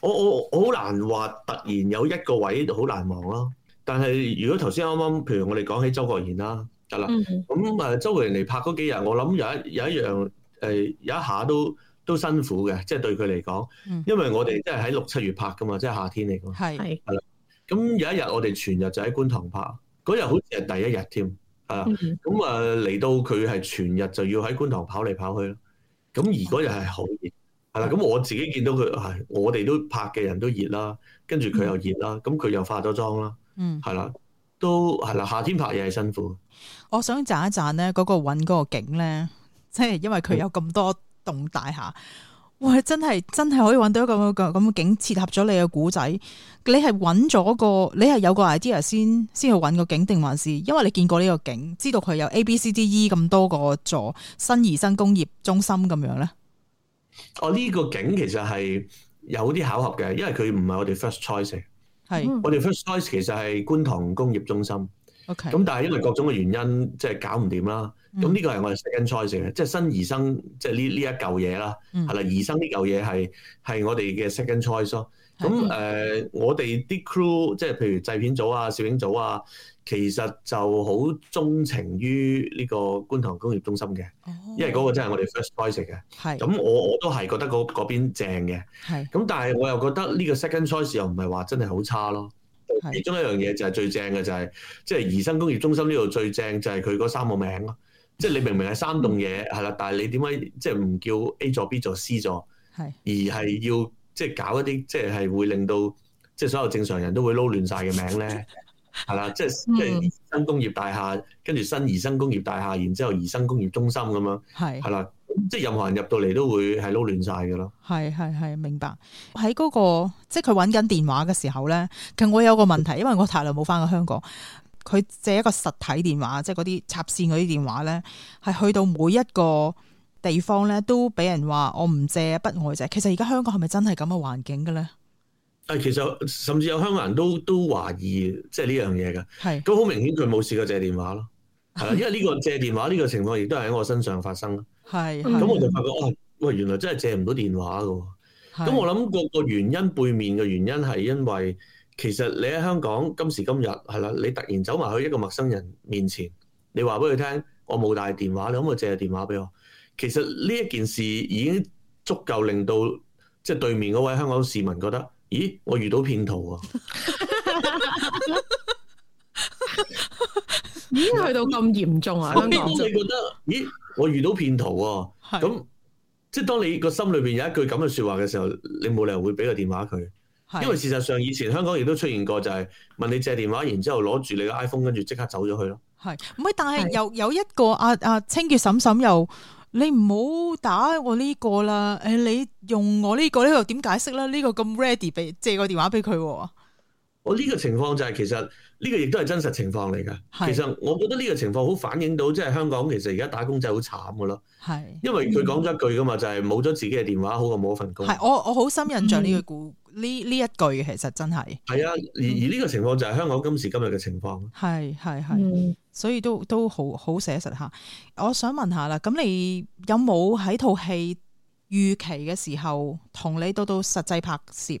我我我好難話，突然有一個位好難忘咯。但係，如果頭先啱啱，譬如我哋講起周國賢啦，得啦。咁誒、嗯，嗯嗯、周國賢嚟拍嗰幾日，我諗有一有一樣誒，有一下都都辛苦嘅，即、就、係、是、對佢嚟講。嗯、因為我哋即係喺六七月拍㗎嘛，即、就、係、是、夏天嚟講。係係是。咁有一日，我哋全日就喺觀塘拍嗰日，好似係第一日添啊。咁誒嚟到佢係全日就要喺觀塘跑嚟跑去咯。咁而嗰日係好熱係啦。咁我自己見到佢係我哋都拍嘅人都熱啦，跟住佢又熱啦。咁、嗯、佢、嗯、又化咗妝啦。嗯嗯嗯，係啦、嗯，都係啦，夏天拍嘢係辛苦。我想讚一讚呢，嗰、嗰個揾嗰個景咧，即係因為佢有咁多棟大廈，哇，真係真係可以揾到一個咁嘅景，切合咗你嘅古仔。你係揾咗個，你係有個 idea 先先去揾個景，定還是因為你見過呢個景，知道佢有 A、B、C、D、E 咁多個座新怡新工業中心咁樣咧？哦，呢、呢個景其實係有啲巧合嘅，因為佢唔係我哋 first choice。係，是我哋 first choice 其實係觀塘工業中心。OK，咁但係因為各種嘅原因，即、就、係、是、搞唔掂啦。咁呢、嗯、個係我哋 second choice 嘅，即、就、係、是、新宜生，即係呢呢一嚿嘢啦。係啦、嗯，宜生呢嚿嘢係係我哋嘅 second choice 咯。咁誒的、嗯呃，我哋啲 crew，即係譬如製片組啊、攝影組啊。其實就好鍾情於呢個觀塘工業中心嘅，哦、因為嗰個真係我哋 first choice 嘅。係是，咁我我都係覺得嗰邊正嘅。係是，咁但係我又覺得呢個 second choice 又唔係話真係好差咯。是其中一樣嘢就係最正嘅就係、是，即係怡生工業中心呢度最正就係佢嗰三個名咯。是即係你明明係三棟嘢係啦，但係你點解即係唔叫 A 座、B 座、C 座，係是，而係要即係搞一啲即係係會令到即係所有正常人都會撈亂晒嘅名咧？係啦，即係即係新工業大廈，跟住新二新工業大廈，然之後二新工業中心咁樣，係係啦，即係任何人入到嚟都會係撈亂晒嘅咯。係係係，明白。喺嗰個即係佢搵緊電話嘅時候咧，其實我有個問題，因為我太耐冇翻過香港，佢借一個實體電話，即係嗰啲插線嗰啲電話咧，係去到每一個地方咧都俾人話我唔借不外借。其實而家香港係咪真係咁嘅環境嘅咧？係，其實甚至有香港人都都懷疑即係呢樣嘢㗎。係是，咁好明顯佢冇試過借電話咯。係啦， 因為呢個借電話呢個情況亦都係喺我身上發生。係 的，咁我就發覺，喂、哦，原來真係借唔到電話㗎。咁的我諗個個原因，背面嘅原因係因為其實你喺香港今時今日係啦，你突然走埋去一個陌生人面前，你話俾佢聽，我冇帶電話，你可唔可以借個電話俾我？其實呢一件事已經足夠令到即係、就是、對面嗰位香港市民覺得。咦，我遇到騙徒啊！已經 去到咁嚴重啊！哪香港就覺得，咦，我遇到騙徒啊！咁是即係當你個心裏邊有一句咁嘅說話嘅時候，你冇理由會俾個電話佢，是因為事實上以前香港亦都出現過，就係問你借電話，然之後攞住你個 iPhone，跟住即刻走咗去咯。係，唔係？但係又有，有一個阿阿、啊啊、清潔嬸嬸又。你唔好打我呢個啦，誒、哎，你用我、這個這個、呢、這個呢度點解釋啦？呢個咁 ready 俾借個電話俾佢、啊。我呢個情況就係、是、其實呢個亦都係真實情況嚟噶。是其實我覺得呢個情況好反映到，即係香港其實而家打工仔好慘噶咯。係是，因為佢講咗一句噶嘛，就係冇咗自己嘅電話好過冇一份工。係，我我好深印象呢個故呢呢、嗯、一句，其實真係。係啊，而、嗯、而呢個情況就係香港今時今日嘅情況。係係係。所以都都好好寫實吓，我想問下啦，咁你有冇喺套戲預期嘅時候，同你到到實際拍攝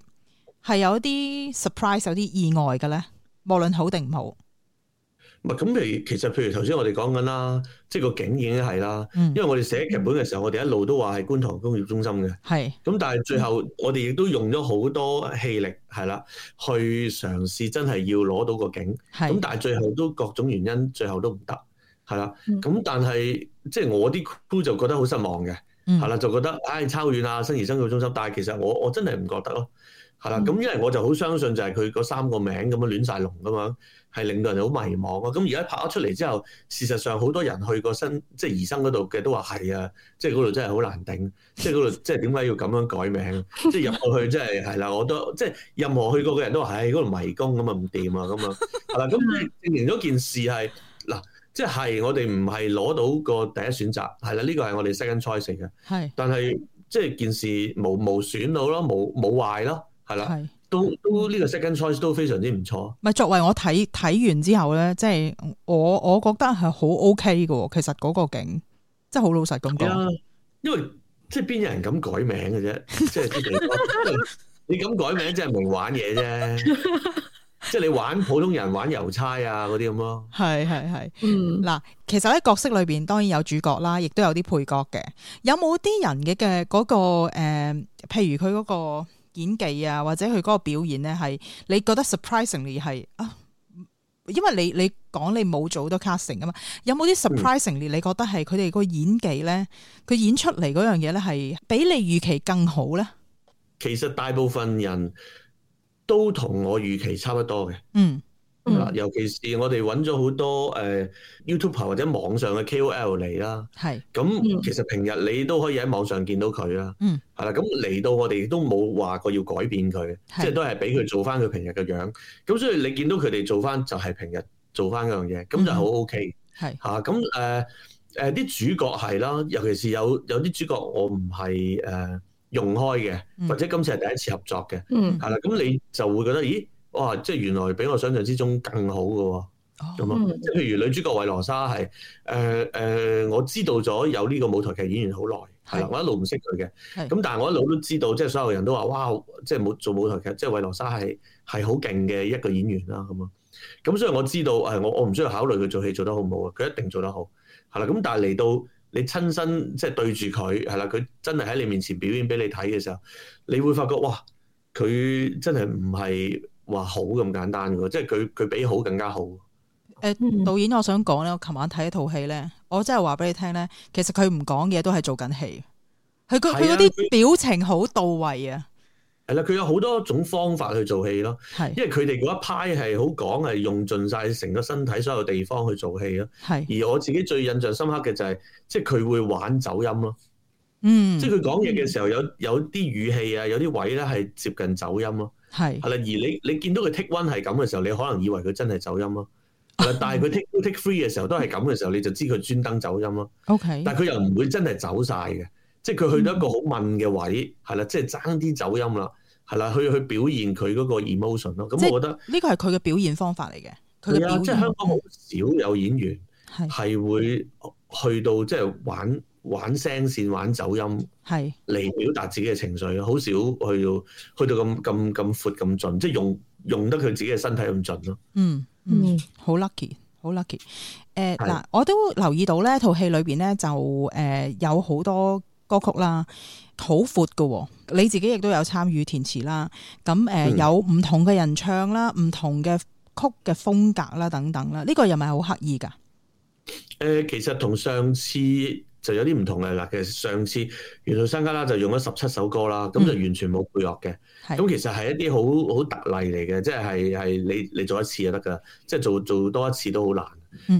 係有啲 surprise、有啲意外嘅咧？無論好定唔好。咁，譬如其實譬如頭先我哋講緊啦，即係個景已經係啦，因為我哋寫劇本嘅時候，我哋一路都話係觀塘工業中心嘅，係咁是，但係最後我哋亦都用咗好多氣力係啦，去嘗試真係要攞到個景，咁是但係最後都各種原因，最後都唔得，係啦，咁的但係即係我啲姑就覺得好失望嘅，係啦，就覺得唉差遠啊，新業生活中心，但係其實我我真係唔覺得咯，係啦，咁因為我就好相信就係佢嗰三個名咁樣亂晒龍㗎嘛。係令到人好迷茫啊。咁而家拍咗出嚟之後，事實上好多人去個新即係疑生嗰度嘅都話係啊，即係嗰度真係好難頂， 即係嗰度即係點解要咁樣改名，即係入過去真係係啦，我都即係任何去過嘅人都話，唉嗰度迷宮咁啊，唔掂啊咁啊，嗱咁證明咗件事係嗱，即係我哋唔係攞到個第一選擇，係啦，呢個係我哋 second choice 嘅，係的，的但係即係件事無無損到咯，冇冇壞咯，係啦。的都都呢、這個 second choice 都非常之唔錯。唔係作為我睇睇完之後咧，即係，我我覺得係好 OK 嘅。其實嗰個景即係好老實咁講。因為即係邊有人咁改名嘅啫， 即係你你咁改名玩玩 即係無玩嘢啫。即係你玩普通人玩郵差啊嗰啲咁咯。係係係，嗱、嗯，其實喺角色裏邊當然有主角啦，亦都有啲配角嘅。有冇啲人嘅嘅嗰個誒、呃，譬如佢嗰、嗰個。演技啊，或者佢嗰個表演咧，係你覺得 surprisingly 係啊？因為你你講你冇做好多 casting 啊嘛，有冇啲 surprisingly 你覺得係佢哋個演技咧，佢演出嚟嗰樣嘢咧，係比你預期更好咧？其實大部分人都同我預期差不多嘅。嗯。尤其是我哋揾咗好多誒 YouTube 或者網上嘅 KOL 嚟啦，係咁其實平日你都可以喺網上見到佢啦，嗯係啦，咁嚟到我哋都冇話過要改變佢，即係都係俾佢做翻佢平日嘅樣，咁所以你見到佢哋做翻就係平日做翻嗰樣嘢，咁就好 OK，係吓咁誒誒啲主角係啦，尤其是有有啲主角我唔係誒用開嘅，或者今次係第一次合作嘅，嗯係啦，咁你就會覺得咦？哇！即係原來比我想象之中更好嘅咁咯。即譬、oh, 如女主角韋羅莎係誒誒，我知道咗有呢個舞台劇演員好耐係啦。我一路唔識佢嘅咁，係啦，但係我一路都知道，即係所有人都話哇！即係冇做舞台劇，即係韋羅莎係係好勁嘅一個演員啦。咁咯，咁所以我知道誒，我我唔需要考慮佢做戲做得好唔好啊。佢一定做得好係啦。咁但係嚟到你親身即係、就是、對住佢係啦，佢真係喺你面前表演俾你睇嘅時候，你會發覺哇！佢真係唔係～話好咁簡單㗎，即係佢佢比好更加好。誒、嗯，導演，我想講咧，我琴晚睇一套戲咧，我真係話俾你聽咧，其實佢唔講嘢都係做緊戲，佢佢佢嗰啲表情好到位啊。係啦，佢有好多種方法去做戲咯，係，的因為佢哋嗰一派係好講係用盡晒成個身體所有地方去做戲咯，係的。而我自己最印象深刻嘅就係、是，即係佢會玩走音咯，嗯，即係佢講嘢嘅時候、嗯、有有啲語氣啊，有啲位咧係接近走音咯。係係啦，而你你見到佢 take one 係咁嘅時候，你可能以為佢真係走音咯。 但係佢 take two take three 嘅時候都係咁嘅時候，你就知佢專登走音咯。OK，但係佢又唔會真係走晒嘅，即係佢去到一個好悶嘅位係啦，即係爭啲走音啦，係啦，去去表現佢嗰個 emotion 咯。咁我覺得呢個係佢嘅表現方法嚟嘅。佢啊，即係、就是、香港好少有演員係係會去到即係玩。玩聲線玩走音，係嚟是表達自己嘅情緒，好少去到去到咁咁咁闊咁盡，即係用用得佢自己嘅身體咁盡咯。嗯嗯，好 lucky，好 lucky。誒嗱、呃是，我都留意到咧，呢套戲裏邊咧就誒、呃、有好多歌曲啦，好闊噶，你自己亦都有參與填詞啦。咁誒、呃嗯、有唔同嘅人唱啦，唔同嘅曲嘅風格啦，等等啦，呢、這個又咪好刻意噶？誒、呃，其實同上次。就有啲唔同嘅啦，其實上次緣路山旮旯，就用咗十七首歌啦，咁、嗯、就完全冇配樂嘅。咁是其實係一啲好好特例嚟嘅，即係係係你你做一次就得噶，即、就、係、是、做做多一次都好難。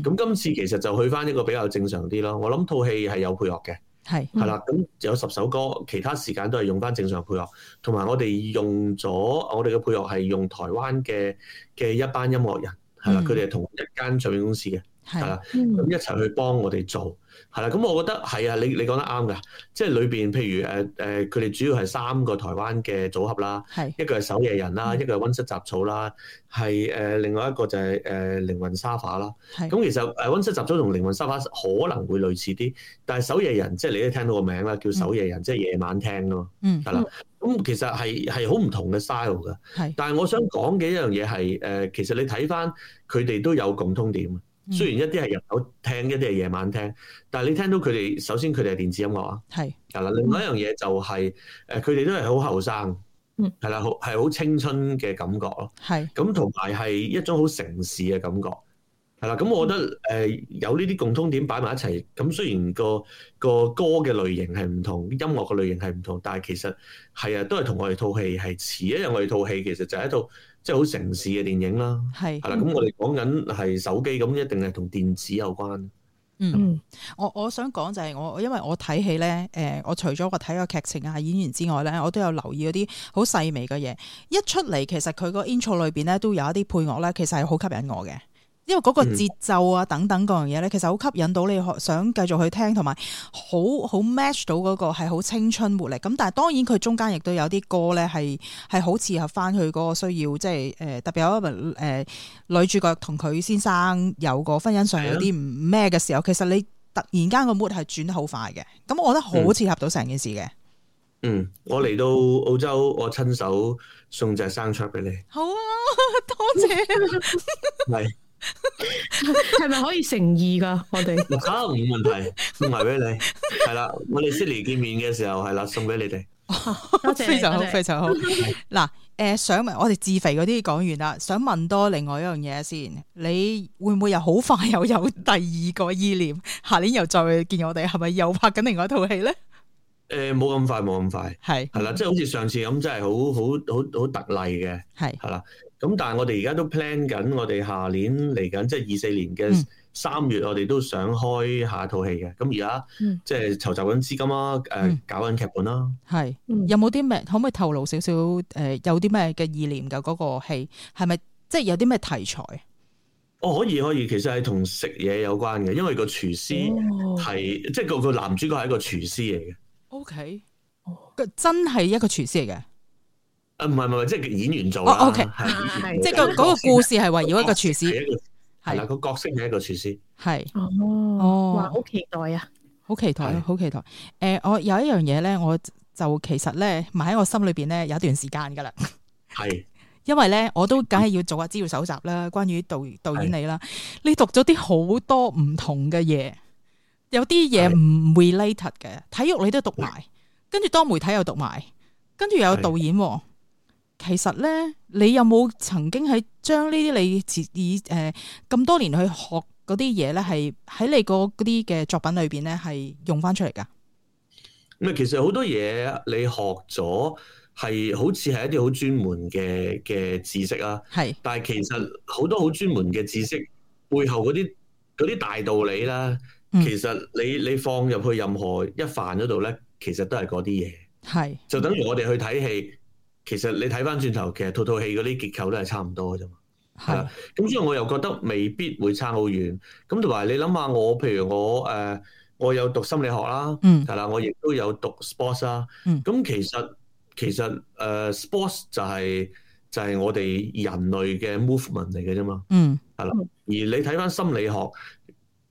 咁今、嗯、次其實就去翻一個比較正常啲咯。我諗套戲係有配樂嘅，係係啦。咁有十首歌，其他時間都係用翻正常配樂，同埋我哋用咗我哋嘅配樂係用台灣嘅嘅一班音樂人，係啦，佢哋係同一間唱片公司嘅。係啦，咁一齊去幫我哋做，係啦。咁我覺得係啊，你你講得啱㗎。即係裏邊，譬如誒誒，佢哋主要係三個台灣嘅組合啦，係一個係守夜人啦，嗯、一個係温室雜草啦，係誒另外一個就係誒靈魂沙發啦。係咁，其實誒温室雜草同靈魂沙發可能會類似啲，但係守夜人即係你都聽到個名啦，叫守夜人，即係夜晚聽咯，係啦。咁、嗯嗯、其實係係好唔同嘅 style 㗎，係。但係我想講嘅一樣嘢係誒，其實你睇翻佢哋都有共通點。雖然一啲係日頭聽，一啲係夜晚聽，但係你聽到佢哋，首先佢哋係電子音樂啊，係係啦。另外一樣嘢就係、是，誒佢哋都係好後生，嗯係啦，好係好青春嘅感覺咯，係咁同埋係一種好城市嘅感覺，係啦是。咁我覺得誒有呢啲共通點擺埋一齊，咁雖然、嗰個、嗰個歌嘅類型係唔同，音樂嘅類型係唔同，但係其實係啊，都係同我哋套戲係似因為一樣。我哋套戲其實就係一套。即係好城市嘅電影啦，係啦是，咁我哋講緊係手機咁，一定係同電子有關。嗯，我我想講就係我，因為我睇戲咧，誒、呃，我除咗我睇個劇情啊、演員之外咧，我都有留意嗰啲好細微嘅嘢。一出嚟，其實佢個 intro 裏邊咧都有一啲配樂咧，其實係好吸引我嘅。因為嗰個節奏啊，等等嗰樣嘢咧，其實好吸引到你，想繼續去聽，同埋好好 match 到嗰個係好青春活力。咁但係當然佢中間亦都有啲歌咧，係係好適合翻佢嗰個需要，即係誒、呃，特別有一幕誒，女主角同佢先生有個婚姻上有啲唔咩嘅時候，其實你突然間個 mood 係轉得好快嘅。咁我覺得好適合到成件事嘅。嗯，我嚟到澳洲，我親手送隻生菜俾你。好啊，多謝、啊。係。 係咪？ 可以誠意噶？我哋啊，冇問題，送埋俾你。係啦，我哋 Siri 見面嘅時候係啦，送俾你哋。多謝，非常好，非常好。嗱，誒，想問，我哋自肥嗰啲講完啦，想問多另外一樣嘢先，你會唔會又好快又有第二個意念？下年又再見我哋，係咪又拍緊另外一套戲咧？誒，冇咁快，冇咁快，係係是啦，即係好似上次咁，真係好好好好特例嘅，係係是啦。咁但係我哋而家都 plan 緊，我哋下年嚟緊，即係二四年嘅三月，嗯、我哋都想開下一套戲嘅。咁而家即係籌集緊資金啦、啊，誒、呃，搞緊劇本啦、啊。係有冇啲咩？可唔可以透露少少？誒、那個，是是有啲咩嘅意念嘅嗰個戲，係咪即係有啲咩題材？哦，可以，可以。其實係同食嘢有關嘅，因為個廚師係、哦、即係個個男主角係一個廚師嚟嘅。O K，佢真係一個廚師嚟嘅？啊，唔係唔係，即係演員做啦。O K，係即係個嗰個故事係圍繞一個廚師，係嗱個角色係一個廚師。係哦，哇，好期待啊，好期待，好期待。誒，我有一樣嘢咧，我就其實咧埋喺我心裏邊咧有一段時間噶啦。係，因為咧我都梗係要做下資料搜集啦，關於導導演你啦，你讀咗啲好多唔同嘅嘢。有啲嘢唔 related 嘅，是體育你都讀埋，是跟住多媒體又讀埋，跟住又有導演，哦。是其實咧，你有冇曾經喺將呢啲你自己誒咁多年去學嗰啲嘢咧，係喺你嗰啲嘅作品裏邊咧，係用翻出嚟噶？咁啊，其實好多嘢你學咗，係好似係一啲好專門嘅嘅知識啊。係是，但係其實好多好專門嘅知識背後嗰啲啲大道理啦。其實你你放入去任何一範嗰度咧，其實都係嗰啲嘢，係是就等於我哋去睇戲。其實你睇翻轉頭，其實套套戲嗰啲結構都係差唔多嘅啫嘛。係咁是，所以、啊、我又覺得未必會差好遠。咁同埋你諗下，我譬如我誒、呃，我有讀心理學啦，嗯，係啦，我亦都有讀 sports 啦，咁、啊、其實其實誒 sports 就係、是、就係、是、我哋人類嘅 movement 嚟嘅啫嘛，嗯，係啦。而你睇翻心理學。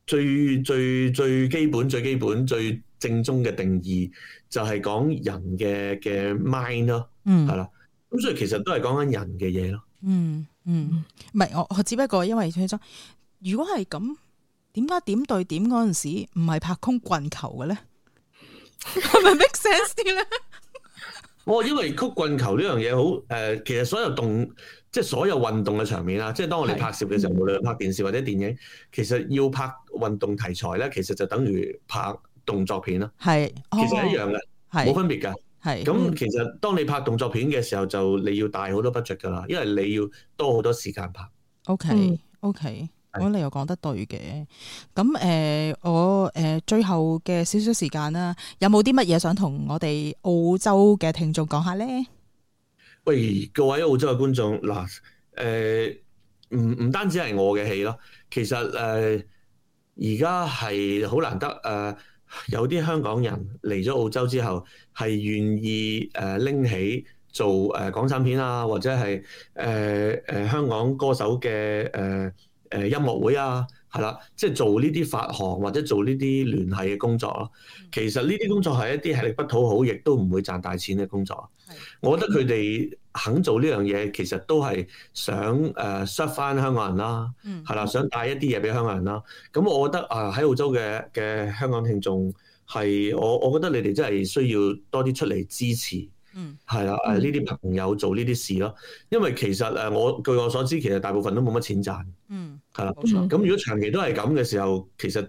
最最最基本最基本最正宗嘅定義，就係講人嘅嘅 mind 咯，嗯，係啦，咁所以其實都係講緊人嘅嘢咯。嗯嗯，唔係我我只不過因為如果係咁，點解點對點嗰陣時唔係拍空棍球嘅咧？係 咪 make sense 啲咧 呢？ 我因為曲棍球呢樣嘢好，誒、呃，其實所有動，即係所有運動嘅場面啦，即係當我哋拍攝嘅時候，是無論拍電視或者電影，嗯、其實要拍運動題材咧，其實就等於拍動作片啦。係，哦、其實一樣嘅，冇是分別嘅，係是。咁其實當你拍動作片嘅時候，就你要大好多 budget 噶啦，因為你要多好多時間拍。OK，OK，我覺得你又講得對嘅。咁誒、呃，我誒、呃、最後嘅少少時間啦，有冇啲乜嘢想同我哋澳洲嘅聽眾講下咧？喂，各位澳洲嘅觀眾，嗱、呃，誒，唔唔單止係我嘅戲咯，其實誒，而家係好難得誒、呃，有啲香港人嚟咗澳洲之後，係願意誒拎、呃、起做誒、呃、港產片啊，或者係誒誒香港歌手嘅誒誒音樂會啊，係啦，即係做呢啲發行或者做呢啲聯繫嘅工作咯。其實呢啲工作係一啲吃力不討好，亦都唔會賺大錢嘅工作。我覺得佢哋肯做呢樣嘢，其實都係想誒 serve 翻香港人啦，係啦、嗯，想帶一啲嘢俾香港人啦。咁我覺得啊，喺、呃、澳洲嘅嘅香港聽眾係我，我覺得你哋真係需要多啲出嚟支持，係啦，誒呢啲朋友做呢啲事咯。因為其實誒，我、呃、據我所知，其實大部分都冇乜錢賺，係啦，冇、嗯、錯。咁、嗯嗯、如果長期都係咁嘅時候，其實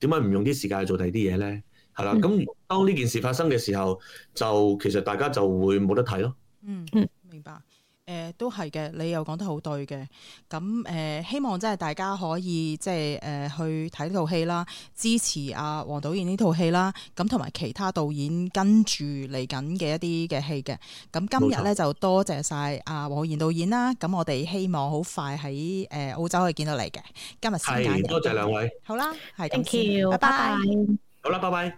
點解唔用啲時間去做第二啲嘢咧？係啦，咁當呢件事發生嘅時候，就其實大家就會冇得睇咯。嗯嗯，明白。誒、呃，都係嘅，你又講得好對嘅。咁誒、呃，希望即係大家可以即係誒去睇呢套戲啦，支持阿、啊、黃導演呢套戲啦。咁同埋其他導演跟住嚟緊嘅一啲嘅戲嘅。咁今日咧錯就多謝晒阿黃浩然導演啦。咁我哋希望好快喺誒澳洲可以見到你嘅。今日時間。多謝兩位。好啦，係 thank you，拜拜。好啦，拜拜。